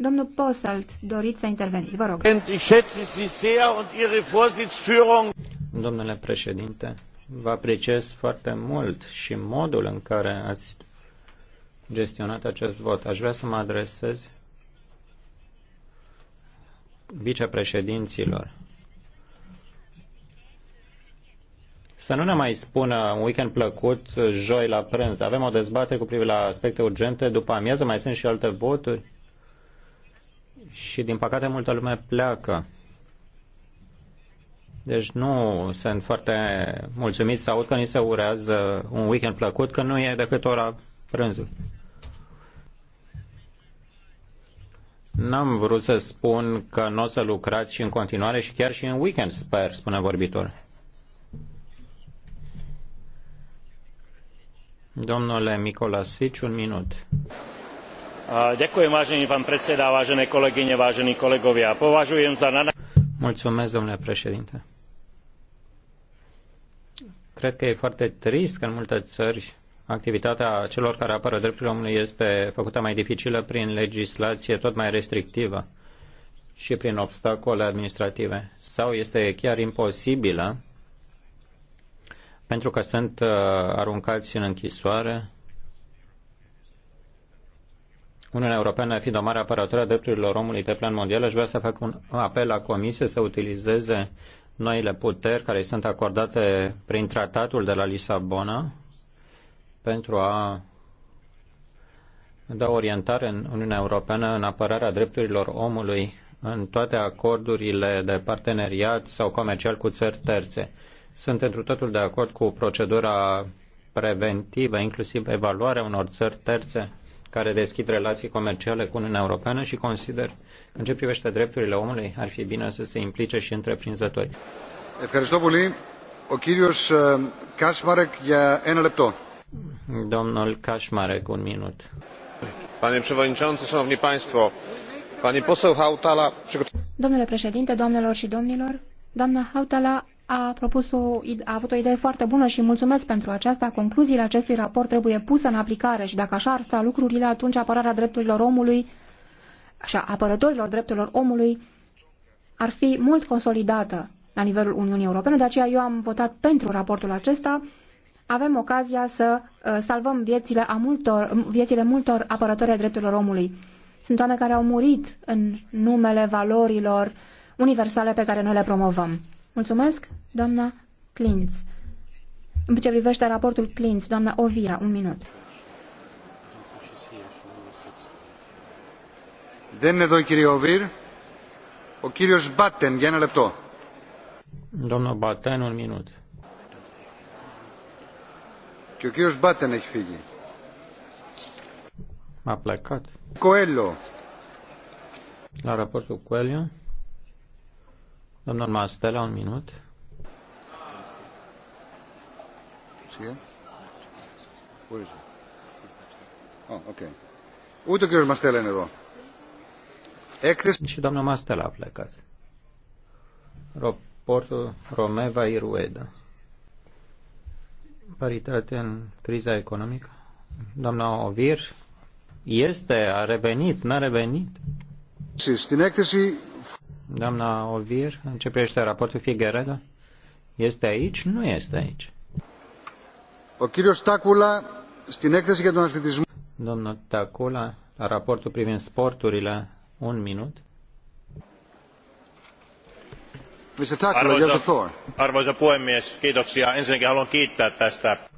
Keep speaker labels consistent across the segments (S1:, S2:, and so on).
S1: Domnul doriți să interveniți, vă rog.
S2: Domnule președinte, vă apreciez foarte mult și modul în care ați gestionat acest vot. Aș vrea să mă adresez vicepreședinților. Să nu ne mai spună un weekend plăcut joi la prânz. Avem o dezbatere cu privire la aspecte urgente. După amiază mai sunt și alte voturi și din păcate multă lume pleacă. Deci nu sunt foarte mulțumit să aud că ni se urează un weekend plăcut, că nu e decât ora prânzului. N-am vrut să spun că nu o să lucrați și în continuare și chiar și în weekend, sper, spune vorbitor. Domnule Micolasici, un minut. Mulțumesc, președinte. Cred că e foarte trist că în multe țări activitatea celor care apără drepturile omului este făcută mai dificilă prin legislație tot mai restrictivă și prin obstacole administrative. Sau este chiar imposibilă pentru că sunt uh, aruncați în închisoare Uniunea Europeană, fiind o mare apărătoare a drepturilor omului pe plan mondial, aș vrea să fac un apel la Comisie să utilizeze noile puteri care sunt acordate prin tratatul de la Lisabona pentru a da orientare în Uniunea Europeană în apărarea drepturilor omului în toate acordurile de parteneriat sau comercial cu țări terțe. Sunt întru totul de acord cu procedura preventivă, inclusiv evaluarea unor țări terțe care deschid relații comerciale cu Uniunea Europeană și consider că în ce privește drepturile omului ar fi bine să se implice și întreprinzătorii. Uh, Domnul Kaczmarek, un minut. Panie przewodniczący, szanowni państwo, pani poseł Hautala...
S1: Domnule președinte, doamnelor și domnilor, doamna Hautala a, propus o, a avut o idee foarte bună și mulțumesc pentru aceasta. Concluziile acestui raport trebuie puse în aplicare și dacă așa ar sta lucrurile, atunci apărarea drepturilor omului și a apărătorilor drepturilor omului ar fi mult consolidată la nivelul Uniunii Europene. De aceea eu am votat pentru raportul acesta. Avem ocazia să uh, salvăm viețile, a multor, viețile multor apărători ai drepturilor omului. Sunt oameni care au murit în numele valorilor universale pe care noi le promovăm. Mulțumesc, doamna Clintz. În ce privește raportul Clintz, doamna Ovia, un minut.
S3: Δεν είναι Ovir, o Οβίρ. Ο κύριος Μπάτεν, για ένα
S2: Domnul Batten, un minut.
S3: Και ο κύριος ești έχει m A plecat. Coelho.
S2: La raportul Coelho. Domnul Mastela, un minut.
S3: Oh, okay. Uite că Mastela ne doamnă.
S2: Ectes... Și doamna Mastela a plecat. Raportul Romeva Irueda. Paritate în criza economică. Doamna Ovir este, a revenit, n-a revenit. Στην έκθεση Doamna Ovir, în ce privește raportul Figueredo? Este aici? Nu este aici.
S3: O Chirios Tacula,
S2: stin έκθεση για τον αθλητισμό. Domnul Tacula, raportul privind sporturile, un minut.
S3: Mr. Tacula, arvoisa, you have the
S2: floor. Arvoisa puhemies, kiitoksia. Ensinnäkin haluan kiittää tästä.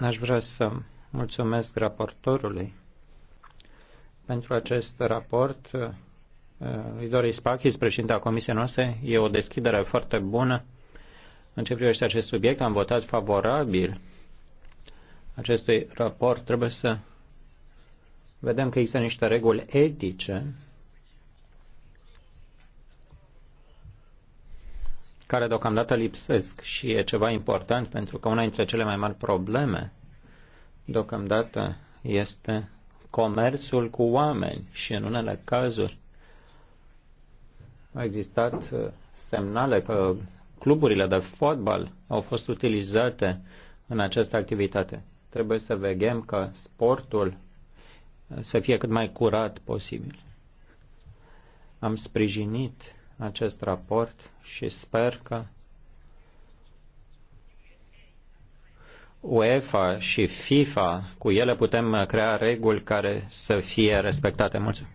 S2: Aș vrea să mulțumesc raportorului pentru acest raport lui Doris Pachis, președinta comisiei noastre. E o deschidere foarte bună în ce privește acest subiect. Am votat favorabil acestui raport. Trebuie să vedem că există niște reguli etice care deocamdată lipsesc și e ceva important pentru că una dintre cele mai mari probleme deocamdată este comerțul cu oameni și în unele cazuri au existat uh, semnale că cluburile de fotbal au fost utilizate în această activitate. Trebuie să vegem că sportul uh, să fie cât mai curat posibil. Am sprijinit acest raport și sper că UEFA și FIFA, cu ele putem crea reguli care să fie respectate. Mulțumesc.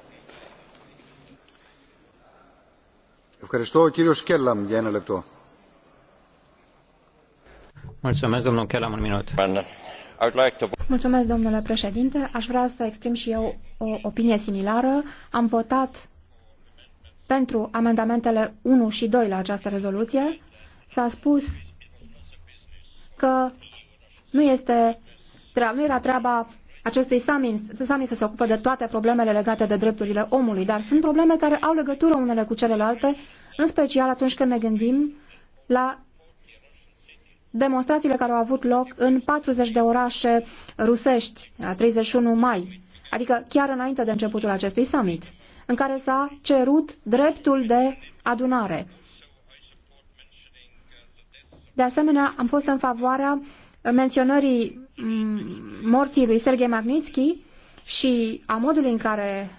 S2: Mulțumesc, un minut.
S1: domnule președinte. Aș vrea să exprim și eu o opinie similară. Am votat pentru amendamentele 1 și 2 la această rezoluție. S-a spus că nu, este, nu era treaba acestui summit, summit să se ocupe de toate problemele legate de drepturile omului, dar sunt probleme care au legătură unele cu celelalte, în special atunci când ne gândim la demonstrațiile care au avut loc în 40 de orașe rusești, la 31 mai, adică chiar înainte de începutul acestui summit, în care s-a cerut dreptul de adunare. De asemenea, am fost în favoarea menționării mm, morții lui Sergei Magnitsky și a modului în care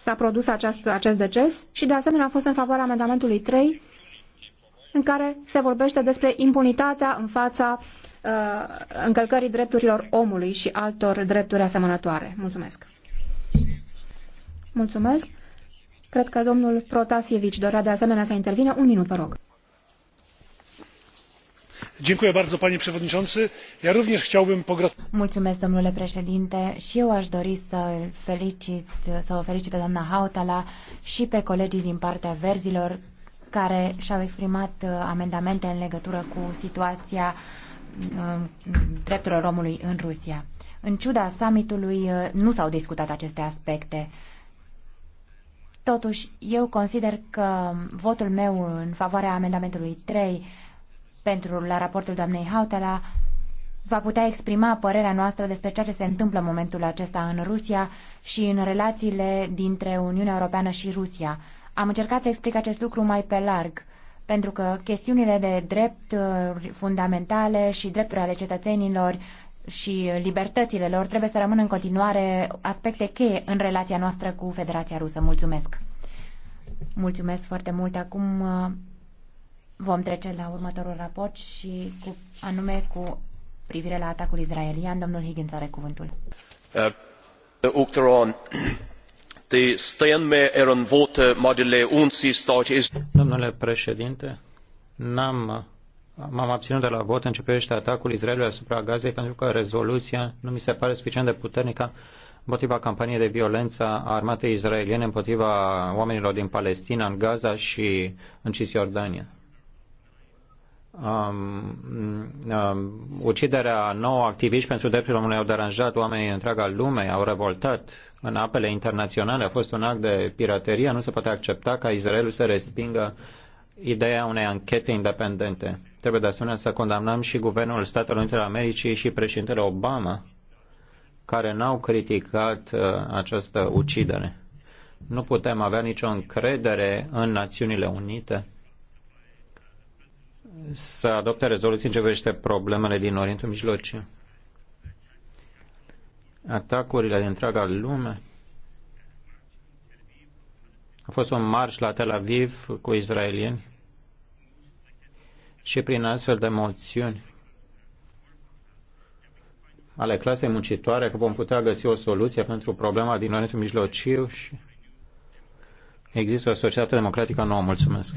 S1: s-a produs acest, acest deces și de asemenea a fost în favoarea amendamentului 3 în care se vorbește despre impunitatea în fața uh, încălcării drepturilor omului și altor drepturi asemănătoare. Mulțumesc. Mulțumesc. Cred că domnul Protasievici dorea de asemenea să intervină. Un minut, vă rog.
S4: Mulțumesc, domnule președinte, și eu aș dori să, felicit, să o felicit pe doamna Hautala și pe colegii din partea verzilor care și-au exprimat uh, amendamente în legătură cu situația uh, drepturilor omului în Rusia. În ciuda summitului uh, nu s-au discutat aceste aspecte. Totuși, eu consider că votul meu în favoarea amendamentului 3 pentru la raportul doamnei Hautala va putea exprima părerea noastră despre ceea ce se întâmplă în momentul acesta în Rusia și în relațiile dintre Uniunea Europeană și Rusia. Am încercat să explic acest lucru mai pe larg, pentru că chestiunile de drept uh, fundamentale și drepturile ale cetățenilor și libertățile lor trebuie să rămână în continuare aspecte cheie în relația noastră cu Federația Rusă. Mulțumesc! Mulțumesc foarte mult! Acum uh, Vom trece la următorul raport și cu, anume cu privire la atacul israelian. Domnul Higgins are cuvântul.
S1: Eh, eh, er
S2: Domnule președinte, n-am M-am abținut de la vot în ce privește atacul Israelului asupra Gazei pentru că rezoluția nu mi se pare suficient de puternică împotriva campaniei de violență a armatei israeliene împotriva oamenilor din Palestina, în Gaza și în Cisjordania um, um, uciderea a nouă activiști pentru drepturile omului au deranjat oamenii în întreaga lume, au revoltat în apele internaționale, a fost un act de piraterie, nu se poate accepta ca Israelul să respingă ideea unei anchete independente. Trebuie de asemenea să condamnăm și guvernul Statelor Unite ale Americii și președintele Obama, care n-au criticat uh, această ucidere. Nu putem avea nicio încredere în Națiunile Unite să adopte rezoluții în ce privește problemele din Orientul Mijlociu. Atacurile din întreaga lume. A fost un marș la Tel Aviv cu israelieni și prin astfel de moțiuni ale clasei muncitoare că vom putea găsi o soluție pentru problema din Orientul Mijlociu și există o societate democratică nouă. Mulțumesc!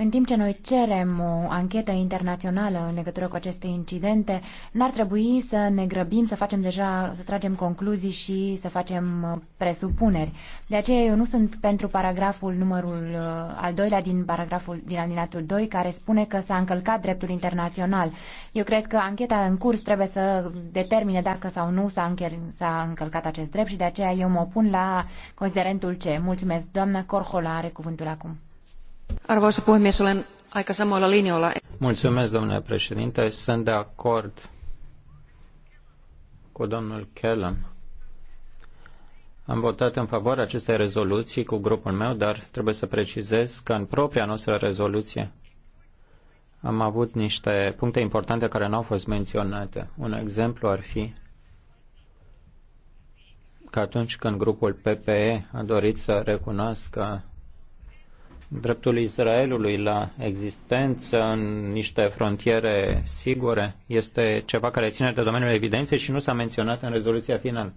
S4: În timp ce noi cerem o anchetă internațională în legătură cu aceste incidente, n-ar trebui să ne grăbim să facem deja, să tragem concluzii și să facem uh, presupuneri. De aceea eu nu sunt pentru paragraful numărul uh, al doilea din paragraful din alinatul 2 care spune că s-a încălcat dreptul internațional. Eu cred că ancheta în curs trebuie să determine dacă sau nu s-a, încher- încălcat acest drept și de aceea eu mă opun la considerentul C. Mulțumesc. Doamna Corhola are cuvântul acum.
S1: Arvoisa puhemies, olen aika samoilla linjoilla.
S2: Mulțumesc, domnule președinte. Sunt de acord cu domnul Kellam. Am votat în favoarea acestei rezoluții cu grupul meu, dar trebuie să precizez că în propria noastră rezoluție am avut niște puncte importante care nu au fost menționate. Un exemplu ar fi că atunci când grupul PPE a dorit să recunoască dreptul Israelului la existență în niște frontiere sigure este ceva care ține de domeniul evidenței și nu s-a menționat în rezoluția finală.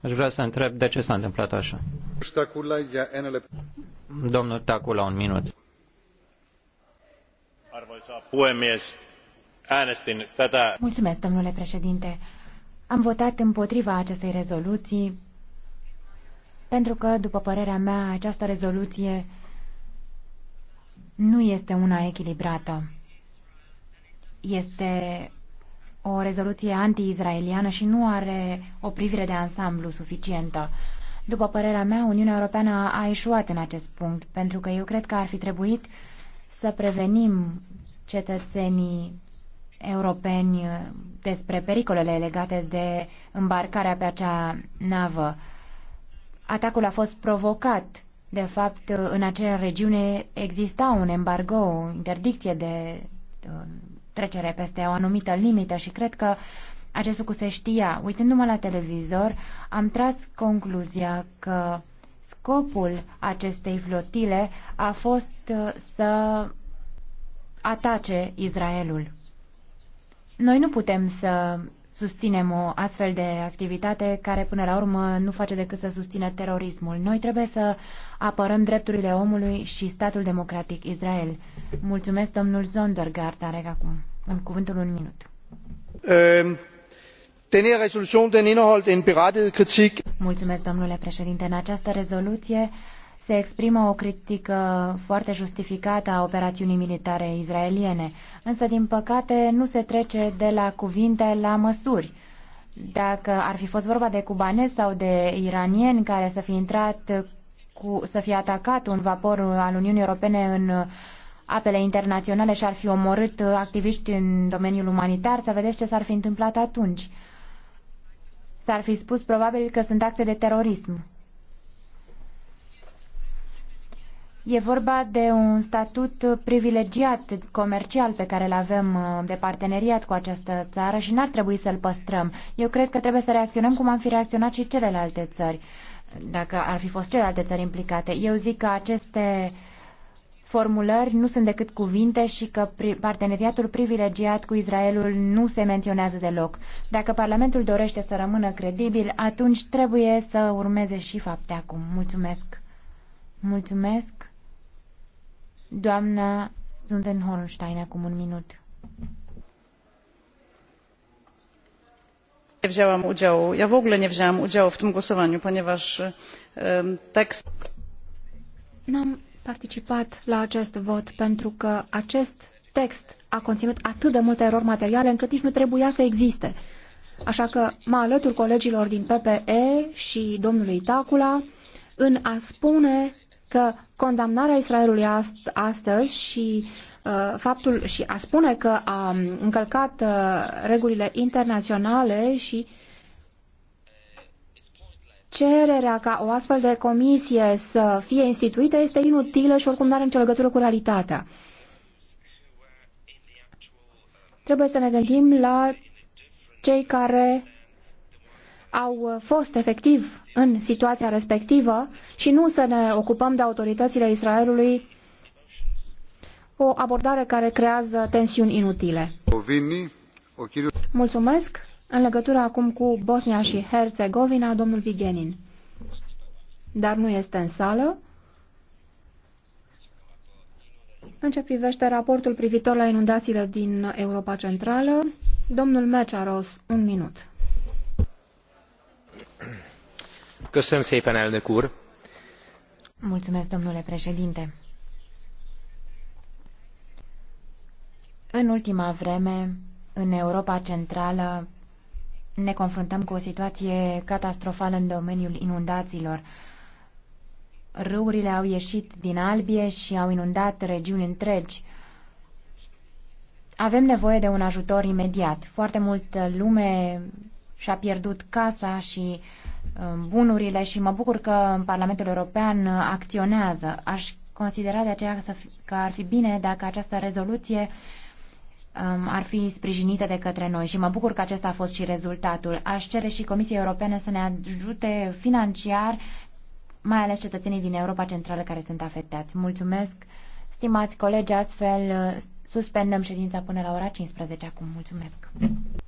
S2: Aș vrea să întreb de ce s-a întâmplat așa. Domnul Tacula, un minut.
S4: Mulțumesc, domnule președinte. Am votat împotriva acestei rezoluții pentru că, după părerea mea, această rezoluție nu este una echilibrată. Este o rezoluție anti-izraeliană și nu are o privire de ansamblu suficientă. După părerea mea, Uniunea Europeană a ieșuat în acest punct, pentru că eu cred că ar fi trebuit să prevenim cetățenii europeni despre pericolele legate de îmbarcarea pe acea navă. Atacul a fost provocat de fapt, în acea regiune exista un embargo, o interdicție de um, trecere peste o anumită limită și cred că acest lucru se știa. Uitându-mă la televizor, am tras concluzia că scopul acestei flotile a fost uh, să atace Israelul. Noi nu putem să susținem o astfel de activitate care până la urmă nu face decât să susțină terorismul. Noi trebuie să apărăm drepturile omului și statul democratic Israel. Mulțumesc, domnul Zondergaard, are acum un cuvântul un minut.
S5: Um. Denne resolution den indeholdt en berettiget
S4: kritik. Mulțumesc, domnule președinte. În această rezoluție se exprimă o critică foarte justificată a operațiunii militare izraeliene, însă, din păcate, nu se trece de la cuvinte la măsuri. Dacă ar fi fost vorba de cubanezi sau de iranieni care să fi intrat cu, să fi atacat un vapor al Uniunii Europene în apele internaționale și ar fi omorât activiști în domeniul umanitar, să vedeți ce s-ar fi întâmplat atunci. S-ar fi spus probabil că sunt acte de terorism. E vorba de un statut privilegiat comercial pe care îl avem uh, de parteneriat cu această țară și n-ar trebui să-l păstrăm. Eu cred că trebuie să reacționăm cum am fi reacționat și celelalte țări, dacă ar fi fost celelalte țări implicate. Eu zic că aceste formulări nu sunt decât cuvinte și că parteneriatul privilegiat cu Israelul nu se menționează deloc. Dacă Parlamentul dorește să rămână credibil, atunci trebuie să urmeze și fapte acum. Mulțumesc! Mulțumesc! Doamna, sunt în Holstein acum un minut.
S3: nie wzięłam udziału
S2: ja w
S4: ogóle
S3: nie wzięłam udziału w tym głosowaniu ponieważ tekst
S1: N-am participat la acest vot pentru că acest text a conținut atât de multe erori materiale încât nici nu trebuia să existe. Așa că mă alătur colegilor din PPE și domnului Tacula în a spune că Condamnarea Israelului ast- astăzi și uh, faptul și a spune că a încălcat uh, regulile internaționale și cererea ca o astfel de comisie să fie instituită este inutilă și oricum nu are nicio legătură cu realitatea. Trebuie să ne gândim la cei care au fost efectiv în situația respectivă și nu să ne ocupăm de autoritățile Israelului o abordare care creează tensiuni inutile. Mulțumesc. În legătură acum cu Bosnia și Herțegovina, domnul Vigenin. Dar nu este în sală. În ce privește raportul privitor la inundațiile din Europa Centrală, domnul Mecearos, un minut. Mulțumesc, domnule
S4: președinte. În ultima vreme, în Europa Centrală, ne confruntăm cu o situație catastrofală în domeniul inundațiilor. Râurile au ieșit din albie și au inundat regiuni întregi. Avem nevoie de un ajutor imediat. Foarte multă lume și-a pierdut casa și Um, bunurile și mă bucur că Parlamentul European acționează. Aș considera de aceea că ar fi bine dacă această rezoluție um, ar fi sprijinită de către noi și mă bucur că acesta a fost și rezultatul. Aș cere și Comisiei Europene să ne ajute financiar, mai ales cetățenii din Europa Centrală care sunt afectați. Mulțumesc, stimați colegi, astfel suspendăm ședința până la ora 15 acum. Mulțumesc!